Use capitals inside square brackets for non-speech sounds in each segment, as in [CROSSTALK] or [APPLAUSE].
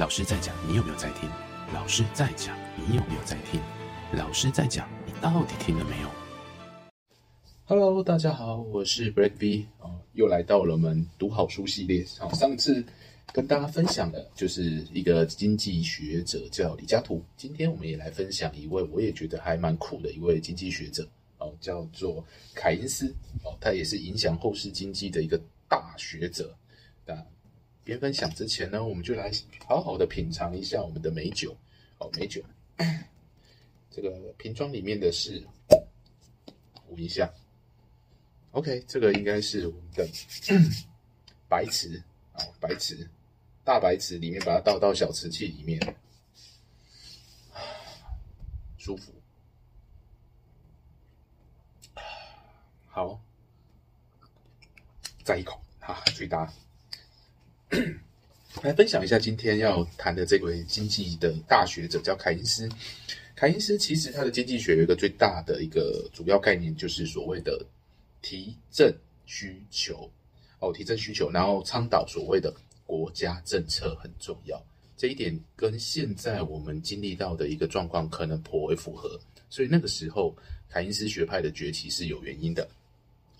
老師在講，你有沒有在聽？老師在講，你有沒有在聽？老師在講，你到底聽了沒有？Hello，大家好，我是 Brad B，又來到了我們讀好書系列。好、哦，上次跟大家分享的就是一個經濟學者叫李嘉圖，今天我們也來分享一位我也覺得還蠻酷的一位經濟學者，哦，叫做凱因斯，哦，他也是影響後世經濟的一個大學者啊。邊分享之前呢，我們就來好好的品嘗一下我們的美酒哦，美酒。這個瓶裝裡面的是，捂一下。OK，這個應該是我們的白瓷啊，白瓷大白瓷裡面把它倒到小瓷器裡面，舒服。好，再一口哈，最大。 [COUGHS] 來分享一下今天要談的這位經濟的大學者，叫凱因斯。凱因斯其實他的經濟學有一個最大的一個主要概念，就是所謂的提振需求哦，提振需求，然後倡導所謂的國家政策很重要。這一點跟現在我們經歷到的一個狀況可能頗為符合，所以那個時候凱因斯學派的崛起是有原因的。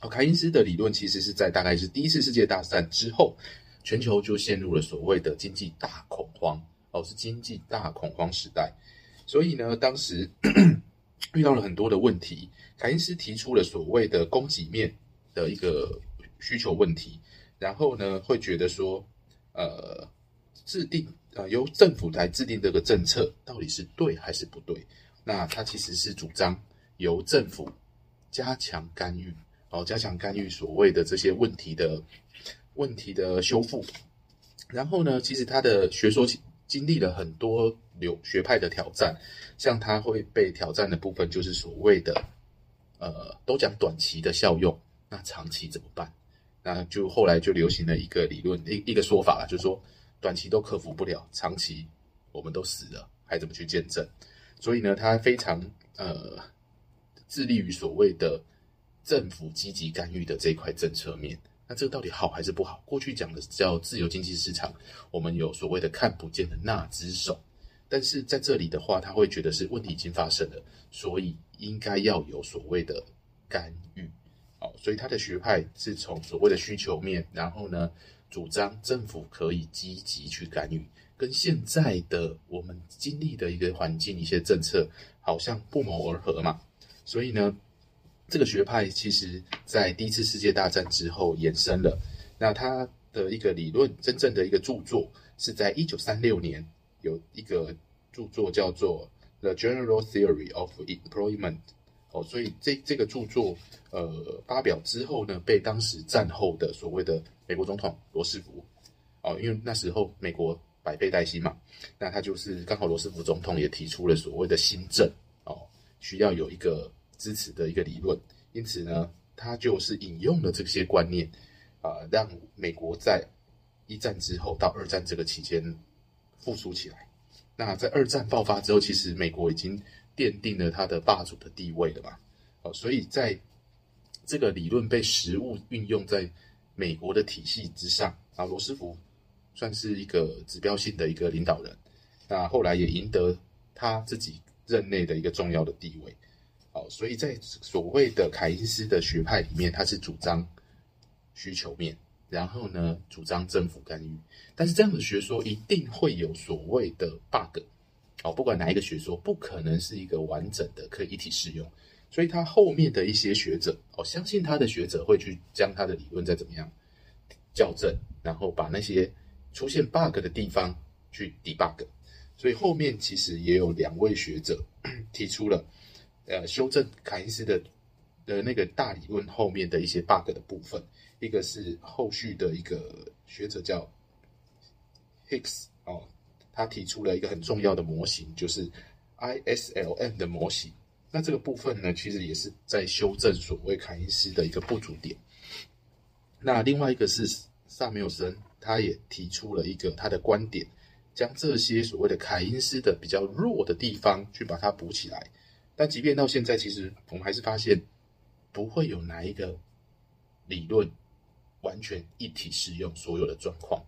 哦，凱因斯的理論其實是在大概是第一次世界大戰之後。全球就陷入了所謂的經濟大恐慌哦，是經濟大恐慌時代，所以呢，當時 [COUGHS] 遇到了很多的問題。凱因斯提出了所謂的供給面的一個需求問題，然後呢，會覺得說，呃，制定啊、呃，由政府來制定這個政策到底是對還是不對？那他其實是主張由政府加強干預，哦，加強干預所謂的這些問題的。問題的修復，然後呢？其實他的學說經歷了很多流學派的挑戰，像他會被挑戰的部分，就是所謂的呃，都講短期的效用，那長期怎麼辦？那就後來就流行了一個理論，一一，一個說法了，就是說短期都克服不了，長期我們都死了，還怎麼去見證？所以呢，他非常呃，致力於所謂的政府積極干預的這一塊政策面。那這個到底好還是不好？過去講的叫自由經濟市場，我們有所謂的看不見的那隻手。但是在這裡的話，他會覺得是問題已經發生了，所以應該要有所謂的干預。好，所以他的學派是從所謂的需求面，然後呢，主張政府可以積極去干預。跟現在的我們經歷的一個環境、一些政策好像不謀而合嘛。所以呢。這個學派其實，在第一次世界大戰之後延伸了。那他的一個理論，真正的一個著作，是在一九三六年有一個著作叫做《The General Theory of Employment》哦。所以這這個著作，呃，發表之後呢，被當時戰後的所謂的美國總統羅斯福哦，因為那時候美國百廢待興嘛，那他就是剛好羅斯福總統也提出了所謂的新政哦，需要有一個。支持的一個理論，因此呢，他就是引用了這些觀念，啊、呃，讓美國在一戰之後到二戰這個期間復甦起來。那在二戰爆發之後，其實美國已經奠定了他的霸主的地位了嘛。哦、呃，所以在這個理論被實務運用在美國的體系之上啊，羅斯福算是一個指標性的一個領導人，那後來也贏得他自己任內的一個重要的地位。哦，所以在所謂的凱因斯的學派裡面，他是主張需求面，然後呢，主張政府干預。但是這樣的學說一定會有所謂的 bug。哦，不管哪一個學說，不可能是一個完整的可以一體適用。所以他後面的一些學者，我、哦、相信他的學者會去將他的理論再怎麼樣校正，然後把那些出現 bug 的地方去 debug。所以後面其實也有兩位學者 [COUGHS] 提出了。呃，修正凱因斯的的那個大理論後面的一些 bug 的部分，一個是後續的一個學者叫 Hicks 哦，他提出了一個很重要的模型，就是 ISLM 的模型。那這個部分呢，其實也是在修正所謂凱因斯的一個不足點。那另外一個是薩繆森，他也提出了一個他的觀點，將這些所謂的凱因斯的比較弱的地方去把它補起來。那即便到現在，其實我們還是發現不會有哪一個理論完全一體適用所有的狀況。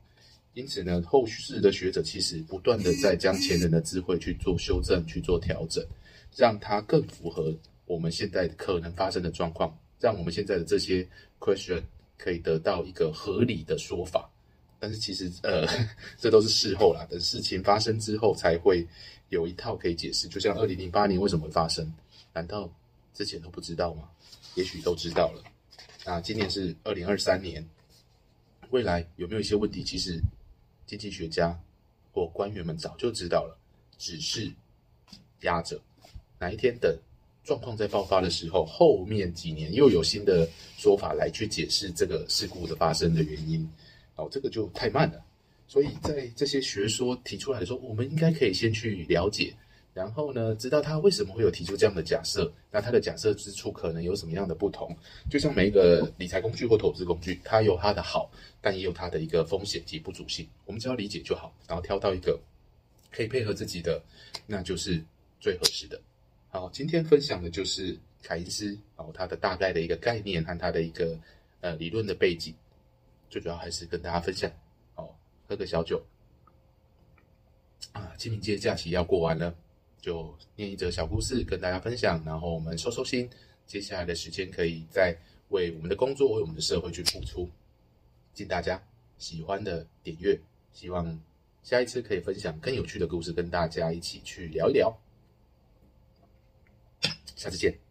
因此呢，後世的學者其實不斷的在將前人的智慧去做修正、去做調整，讓它更符合我們現在可能發生的狀況，讓我們現在的這些 question 可以得到一個合理的說法。但是其實，呃，這都是事後啦。等事情發生之後，才會有一套可以解釋。就像二零零八年為什麼會發生？難道之前都不知道嗎？也許都知道了。那今年是二零二三年，未來有沒有一些問題？其實經濟學家或官員們早就知道了，只是壓着。哪一天等狀況再爆發的時候，後面幾年又有新的說法來去解釋這個事故的發生的原因。哦，這個就太慢了，所以在這些學說提出來的時候，我們應該可以先去了解，然後呢，知道他為什麼會有提出這樣的假設，那他的假設之處可能有什麼樣的不同？就像每一個理財工具或投資工具，它有它的好，但也有它的一個風險及不足性。我們只要理解就好，然後挑到一個可以配合自己的，那就是最合適的。好，今天分享的就是凱恩斯哦，他的大概的一個概念和他的一個呃理論的背景。最主要還是跟大家分享，哦，喝個小酒啊。清明節假期要過完了，就念一則小故事跟大家分享，然後我們收收心，接下來的時間可以再為我們的工作、為我們的社會去付出。敬大家喜歡的點閱，希望下一次可以分享更有趣的故事，跟大家一起去聊一聊。下次見。